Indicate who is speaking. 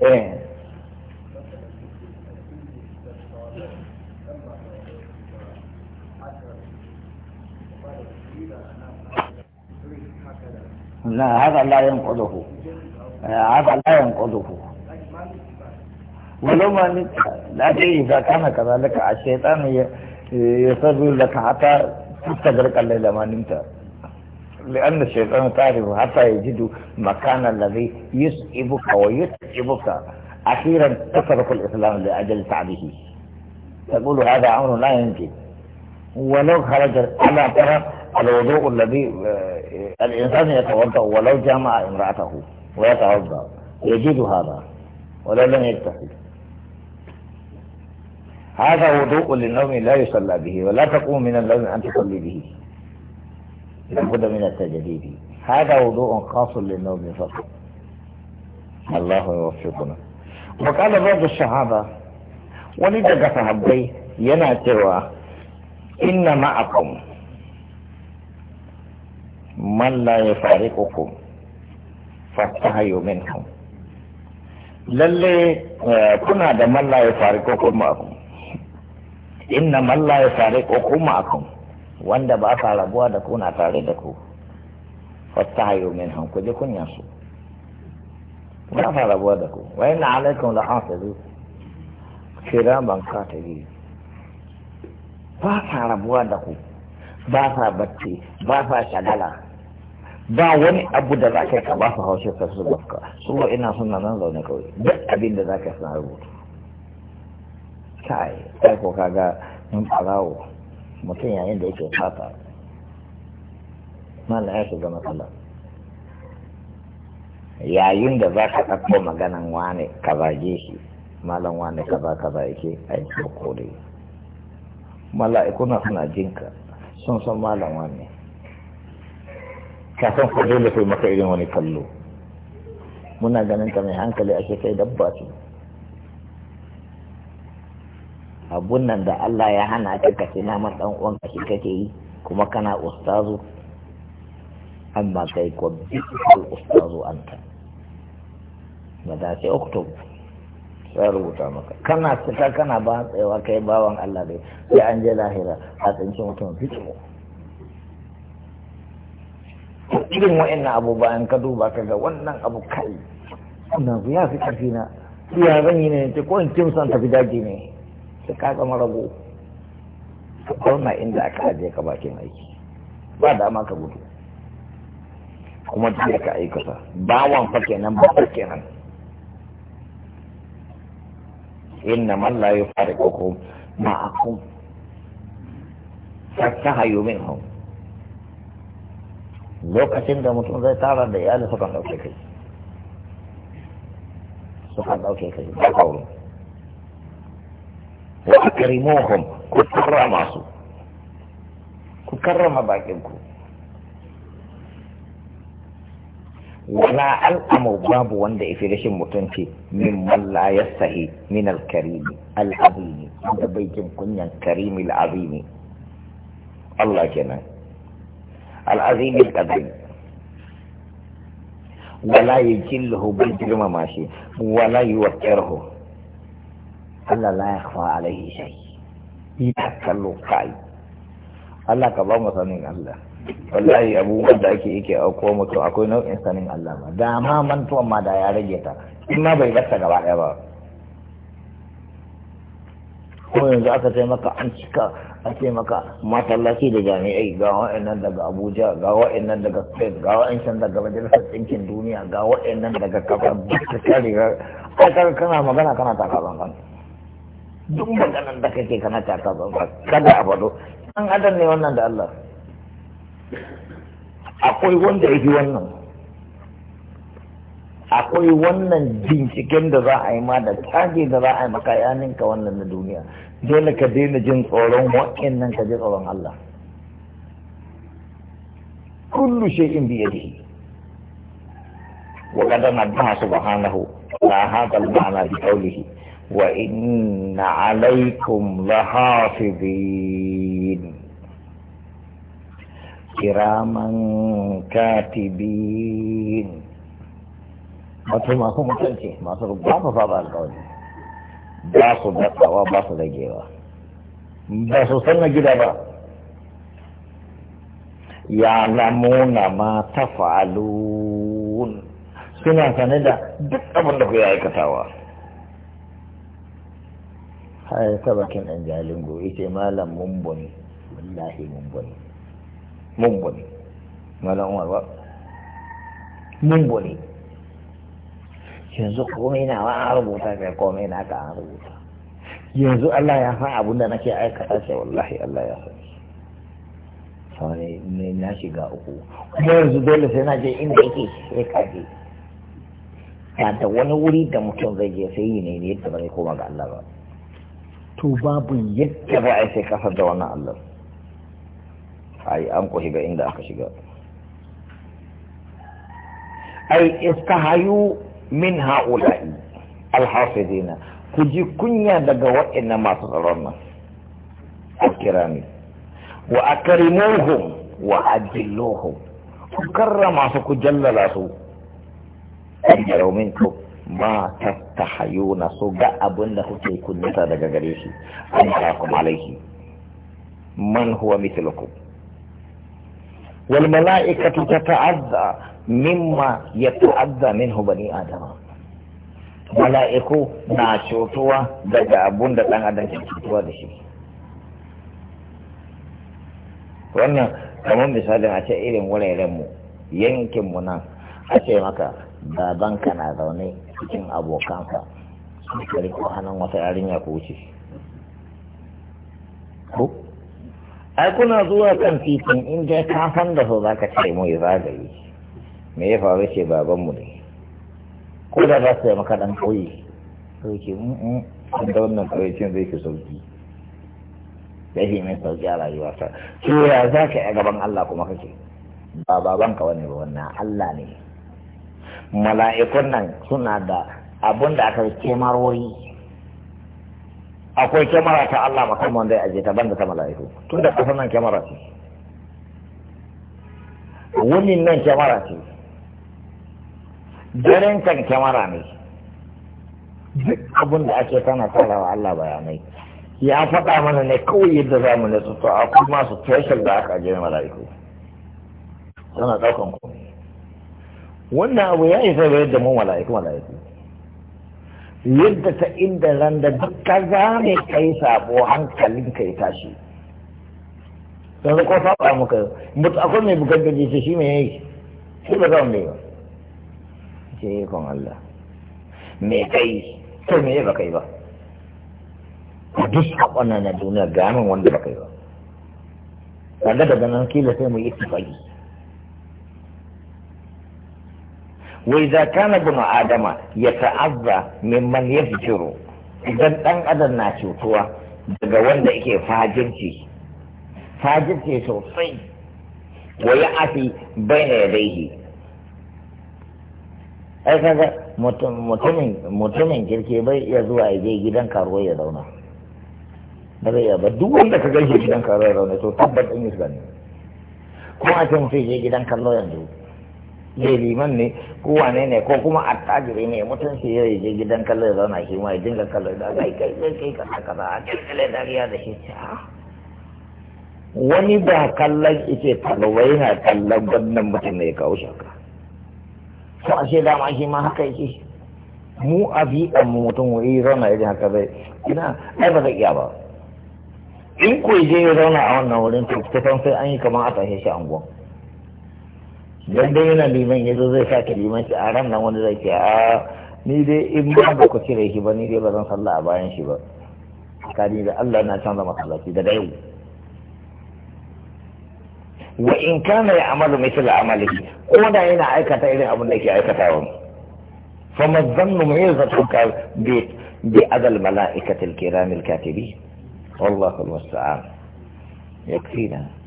Speaker 1: لا هذا لا ينقضه هذا لا ينقضه ولو ما لا شيء إذا كان كذلك الشيطان يصر لك حتى تستدرك الليل ما نمت لأن الشيطان تعرف حتى يجد مكان الذي يسئبك ويتعبك أخيرا تترك الإسلام لأجل تعبه تقول هذا أمر لا يمكن ولو خرج ألا ترى الوضوء الذي آه، الإنسان يتوضأ ولو جامع امرأته ويتوضأ يجد هذا ولو لم يكتفي هذا وضوء للنوم لا يصلى به ولا تقوم من النوم أن تصلي به لابد من التجديد هذا وضوء خاص للنوم فقط الله يوفقنا وقال بعض الصحابة ولدك فهبي ينا سوى إن معكم من لا يفارقكم فاتهيوا منكم للي آه، كنا da من لا يفارقكم معكم إن من لا يفارقكم معكم wanda ba sa rabuwa da ku na tare da ku fata hayo min hanku ji kunya su ba sa rabuwa da ku wa na alaikun da an sazu ta yi ba sa rabuwa da ku ba sa bacci ba sa shagala ba wani abu da za ka ka ba su haushe ka su baka su ba ina suna nan zaune kawai duk abin da za ka suna rubutu kai kai ko kaga mun farawo mutum yayin da yake fata mana ya shiga matsala yayin da za ka ɗauko maganan wane ka bage shi malam wane ka ba ka bage a yi ko dai mala'ikuna suna jinka sun san malam wane kafin ku dole kai maka irin wani kallo muna ganin ka mai hankali ake kai dabba ce abun nan da Allah ya hana ka ka ce naman dan uwan ka shi kake yi kuma kana ustazu amma kai ko bi'al ustazu anta ba da sai oktob sai rubuta maka kana fita kana ba tsayawa kai bawan Allah dai sai an je lahira a tsinci mutum fitimo irin wa'annan abu bayan ka duba ka ga wannan abu kai wannan ya fi karfi na iya zan yi ne ce ko in kimsan tafi daji ne da ka zama rago ka kauna inda aka ajiye ka bakin aiki ba dama ka gudu kuma duk da ka aikata bawan fa kenan ba fa kenan inna man la yufarikukum yufariqukum ma'akum fastahayu minhum lokacin da mutum zai tara da iyali sukan dauke kai sukan dauke kai ba kaurin wa akrimuhum ku karrama su ku karrama bakin ku wala al'amu babu wanda ifi rashin mutunci min malla ya sahi min al alkarimi al'azimi wanda bai jin kunyan karimi al'azimi Allah kenan al'azimi al'azimi wala yajilluhu bai girmama shi wala yuwaqqirhu Allah la ya kwa alaihi shai yi ta kallo kai Allah ka ba mu sanin Allah wallahi abubuwan da ake yake auko mutum akwai nau'in sanin Allah ba da ma mantuwan ma da ya rage ta in ma bai gasta gaba ɗaya ba ko yanzu aka taimaka maka an cika a ce maka masallaci da jami'ai ga wa'annan daga abuja ga wa'annan daga spain ga wa'annan daga majalisar ɗinkin duniya ga wa'annan daga kafa duk ta riga ai kana magana kana takaban kanta duk maganan da kake kana ta ba kada a faɗo an adan ne wannan da Allah akwai wanda yake wannan akwai wannan binciken da za a yi ma da tage da za a yi maka yaninka wannan na duniya dole ka daina jin tsoron nan ka ji tsoron Allah kullu shay'in bi yadihi wa qad nabbaha subhanahu la hadha al-ma'na bi qawlihi Wa inna عليكم لحافظين kiraman katibin. wato masu mutunci masu rubuta ba saba alkawari ba su datsawa ba su dagewa ba su san na gida ba ya lamuna mata tafa'alun suna sane da duk abin da ku yi aikatawa haya sabakin bakin ɗan jalingo ita malam mumbuni wallahi mumbuni mumbuni malam umar ba mumbuni yanzu komai na wa an rubuta kai komai na ka an rubuta yanzu Allah ya san abin da nake aikata sai wallahi Allah ya san sai ne na shiga uku kuma yanzu dole sai na je inda yake sai ka je ta wani wuri da mutum zai je sai yi ne yadda bai koma ga Allah ba to babu yadda ba a sai kasar da wannan allah ai an ku shiga inda aka shiga ai hayu min ha'ula'i alhafizina ku ji kunya daga waɗannan masu tsaron nan kirani wa akrimuhum wa ajilluhum ku karra su ku jallala su ma tattahayuna so ga abin da kuke kunnata daga gare shi an kuma alaihi man huwa mithlukum wal mala'ikatu tata'azza mimma yata'azza minhu bani adama mala'iku na cutuwa daga abun da ɗan adam ke cutuwa da shi wannan kamar misalin a ce irin wuraren mu yankin mu nan a ce maka babanka na zaune cikin abokansa sun kari ko hannun wata yarinya ko wuce ko ai kuna zuwa kan titin in dai ka san da so za ka ce mu zagaye me ya faru ce babanmu ne ko da za su yi maka dan koyi to ke mun da wannan ƙauyacin zai ke sauki yake mai sauki a rayuwarsa to ya za ka yi gaban Allah kuma kake ba babanka wani ba wannan Allah ne mala'ikun nan suna da abun da aka kemarwoyi akwai kyamara ta Allah musamman ya aje ta banda ta mala'iku tun da kasan nan kyamara ce wunin nan kyamara ce daren kan kyamara ne duk abun da ake tana wa Allah bayanai ya faɗa mana ne kawai yadda za mu nutsu to akwai masu special da aka aje mala'iku suna ɗaukan kuma wannan abu ya isa ga yadda mun mala'iku mala'iku yadda ta inda ran da duk ka zame kai sabo hankalin kai tashi yanzu ko saba muka mutu akwai mai bugar da jisa shi mai yi shi ba za mu ne ba ce yi kon Allah me kai to me ba kai ba A duk sakon na duniya ga wanda ba kai ba kaga daga nan kila sai mu yi tafaki وإذا كان ابن آدم يتعظى ممن يفجر إذا أن أدن ناشو دقوان دقيقة فاجرتي فاجرتي سوصي ويأتي بين يديه ai kaga mutumin kirki bai iya zuwa ya je gidan karuwa ya zauna ba zai ba duk wanda ka gaishe gidan karuwa ya zauna to tabbat in yi ne kuma a gidan kallo yanzu zai liman ne ko wane ne ko kuma attajiri ne mutum shi ya je gidan kallon zauna shi ma ya dinga kallon da kai kai kai kai kaza kaza a kirkire dariya da shi wani ba kallon ike talwai yana kallon wannan mutum ne ya kawo shaka ko a ashe dama shi ma haka yake mu a bi a mutum wuri zauna yadda haka zai ina ai ba zai iya ba in ko je ya zauna a wannan wurin to kusan sai an yi kamar a tashe shi anguwan dan dai yana liman yazo zai sake liman shi a ran nan wani zai ce a ni dai in ba da ku cire shi ba ni dai ba zan sallah a bayan shi ba kani da Allah na canza masallaci da dai wa in kana ya amalu misal amalihi ko da yana aikata irin abin da yake wa fa mazannu mu'izatuka bi bi adal malaikatil kiramil katibi wallahu al-musta'an yakfina